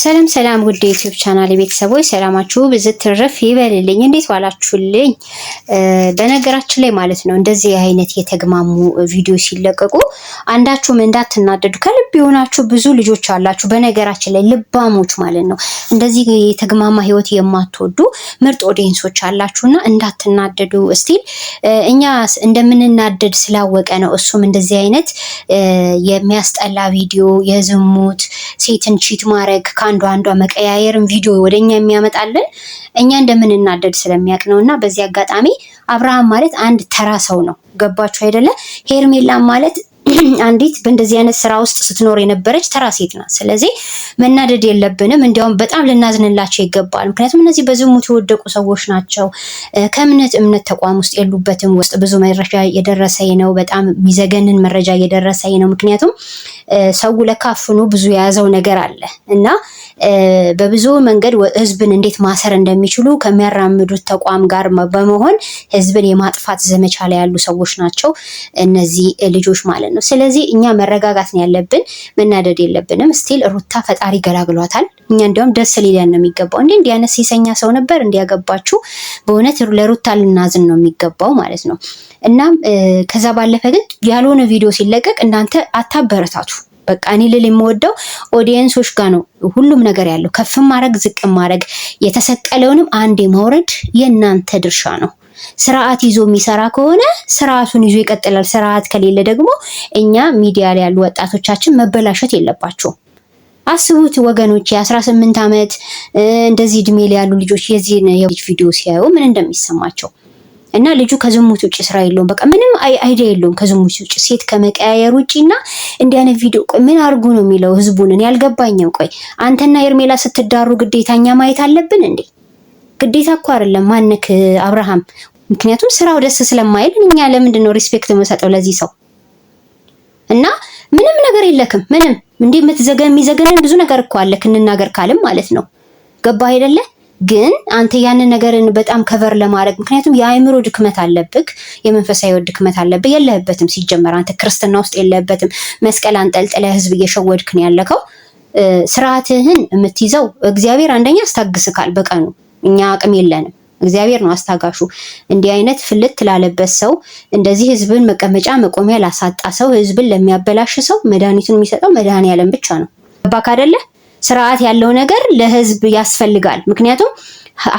ሰላም ሰላም ውድ ዩቲዩብ ቻናል ቤተሰቦች ሰላማችሁ ብዝት ትርፍ ይበልልኝ። እንዴት ዋላችሁልኝ? በነገራችን ላይ ማለት ነው እንደዚህ አይነት የተግማሙ ቪዲዮ ሲለቀቁ አንዳችሁም እንዳትናደዱ። ከልብ የሆናችሁ ብዙ ልጆች አላችሁ። በነገራችን ላይ ልባሞች ማለት ነው እንደዚህ የተግማማ ህይወት የማትወዱ ምርጥ ኦዲየንሶች አላችሁና እንዳትናደዱ። እስቲል እኛ እንደምንናደድ ስላወቀ ነው እሱም እንደዚህ አይነት የሚያስጠላ ቪዲዮ የዝሙት ሴትን ቺት ማድረግ አንዷ አንዷ መቀያየርን ቪዲዮ ወደኛ የሚያመጣልን እኛ እንደምንናደድ ስለሚያውቅ ነው። እና በዚህ አጋጣሚ አብርሃም ማለት አንድ ተራ ሰው ነው። ገባችሁ አይደለ? ሄርሜላም ማለት አንዲት በእንደዚህ አይነት ስራ ውስጥ ስትኖር የነበረች ተራ ሴት ናት። ስለዚህ መናደድ የለብንም፣ እንዲያውም በጣም ልናዝንላቸው ይገባል። ምክንያቱም እነዚህ በዝሙት የወደቁ ሰዎች ናቸው። ከእምነት እምነት ተቋም ውስጥ የሉበትም። ውስጥ ብዙ መረጃ የደረሰ ነው። በጣም የሚዘገንን መረጃ እየደረሰኝ ነው። ምክንያቱም ሰው ለካፍኖ ብዙ የያዘው ነገር አለ እና በብዙ መንገድ ህዝብን እንዴት ማሰር እንደሚችሉ ከሚያራምዱት ተቋም ጋር በመሆን ህዝብን የማጥፋት ዘመቻ ላይ ያሉ ሰዎች ናቸው እነዚህ ልጆች ማለት ነው። ስለዚህ እኛ መረጋጋት ነው ያለብን፣ መናደድ የለብንም። ስቲል ሩታ ፈጣሪ ገላግሏታል። እኛ እንዲያውም ደስ ሊለን ነው የሚገባው። እንዲ እንዲህ አይነት ሴሰኛ ሰው ነበር እንዲያገባችሁ። በእውነት ለሩታ ልናዝን ነው የሚገባው ማለት ነው። እናም ከዛ ባለፈ ግን ያልሆነ ቪዲዮ ሲለቀቅ እናንተ አታበረታቱ በቃ እኔ ልል የምወደው ኦዲየንሶች ጋር ነው ሁሉም ነገር ያለው። ከፍ ማድረግ ዝቅ ማድረግ የተሰቀለውንም አንዴ ማውረድ የእናንተ ድርሻ ነው። ስርዓት ይዞ የሚሰራ ከሆነ ስርዓቱን ይዞ ይቀጥላል። ስርዓት ከሌለ ደግሞ እኛ ሚዲያ ላይ ያሉ ወጣቶቻችን መበላሸት የለባቸውም። አስቡት ወገኖች፣ የ18 ዓመት እንደዚህ እድሜ ላይ ያሉ ልጆች የዚህ ቪዲዮ ሲያዩ ምን እንደሚሰማቸው እና ልጁ ከዝሙት ውጭ ስራ የለውም። በቃ ምንም አይዲያ የለውም ከዝሙት ውጭ ሴት ከመቀያየር ውጭ እና እንዲህ አይነት ቪዲዮ ቆይ ምን አድርጉ ነው የሚለው ህዝቡንን ያልገባኝም። ቆይ አንተና ኤርሜላ ስትዳሩ ግዴታ እኛ ማየት አለብን እንዴ? ግዴታ እኮ አይደለም ማነክ አብርሃም። ምክንያቱም ስራው ደስ ስለማይል እኛ ለምንድን ነው ሪስፔክት መሰጠው ለዚህ ሰው? እና ምንም ነገር የለክም ምንም እንዴ የምትዘገ የሚዘገንን ብዙ ነገር እኮ አለ። እንናገር ካልም ማለት ነው ገባህ አይደለ ግን አንተ ያንን ነገርን በጣም ከቨር ለማድረግ ምክንያቱም የአእምሮ ድክመት አለብክ፣ የመንፈሳዊ ድክመት አለብህ። የለህበትም። ሲጀመር አንተ ክርስትና ውስጥ የለህበትም። መስቀል አንጠልጥለ ህዝብ እየሸወድክ ነው ያለከው። ስርዓትህን የምትይዘው እግዚአብሔር አንደኛ አስታግስካል። በቀኑ እኛ አቅም የለንም። እግዚአብሔር ነው አስታጋሹ። እንዲህ አይነት ፍልት ላለበት ሰው እንደዚህ ህዝብን መቀመጫ መቆሚያ ላሳጣ ሰው፣ ህዝብን ለሚያበላሽ ሰው መድኃኒቱን የሚሰጠው መድኃኔዓለም ብቻ ነው። ባክ አይደለ? ስርዓት ያለው ነገር ለህዝብ ያስፈልጋል። ምክንያቱም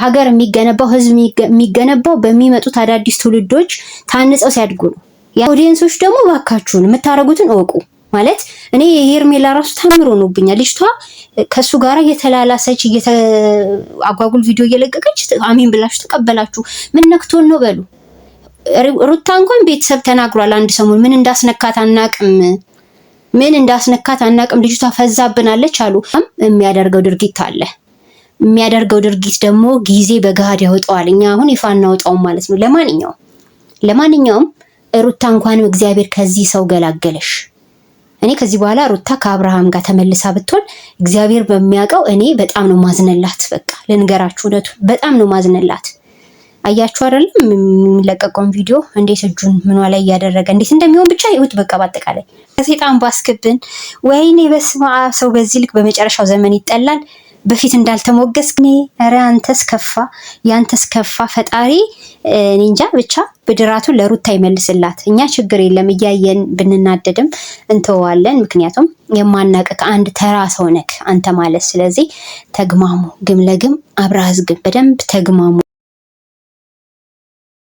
ሀገር የሚገነባው ህዝብ የሚገነባው በሚመጡት አዳዲስ ትውልዶች ታንጸው ሲያድጉ ነው። ኦዲየንሶች ደግሞ ባካችሁን የምታደርጉትን እወቁ። ማለት እኔ የሄርሜላ ራሱ ታምሮ ሆኖብኛል። ልጅቷ ከሱ ጋር እየተላላሰች አጓጉል ቪዲዮ እየለቀቀች አሚን ብላችሁ ተቀበላችሁ። ምን ነክቶን ነው በሉ። ሩታ እንኳን ቤተሰብ ተናግሯል። አንድ ሰሞን ምን እንዳስነካት አናቅም ምን እንዳስነካት አናቅም፣ ልጅቷ ፈዛብናለች አሉ። የሚያደርገው ድርጊት አለ። የሚያደርገው ድርጊት ደግሞ ጊዜ በገሃድ ያወጣዋል። እኛ አሁን ይፋ እናወጣውም ማለት ነው። ለማንኛውም ለማንኛውም ሩታ እንኳንም እግዚአብሔር ከዚህ ሰው ገላገለሽ። እኔ ከዚህ በኋላ ሩታ ከአብርሃም ጋር ተመልሳ ብትሆን እግዚአብሔር በሚያውቀው እኔ በጣም ነው ማዝነላት። በቃ ልንገራችሁ እውነቱን በጣም ነው ማዝነላት። አያችሁ አይደለም የሚለቀቀውን ቪዲዮ እንዴት እጁን ምኗ ላይ እያደረገ እንዴት እንደሚሆን ብቻ ይሁት። በቃ በአጠቃላይ ከሴጣን ባስክብን። ወይኔ በስመ አብ ሰው በዚህ ልክ በመጨረሻው ዘመን ይጠላል። በፊት እንዳልተሞገስ ግን ኧረ አንተስ ከፋ፣ ያንተስ ከፋ። ፈጣሪ እንጃ ብቻ ብድራቱን ለሩታ ይመልስላት። እኛ ችግር የለም እያየን ብንናደድም እንተዋለን። ምክንያቱም የማናቅ ከአንድ ተራ ሰው ነክ አንተ ማለት ስለዚህ ተግማሙ፣ ግም ለግም አብራዝግም በደንብ ተግማሙ።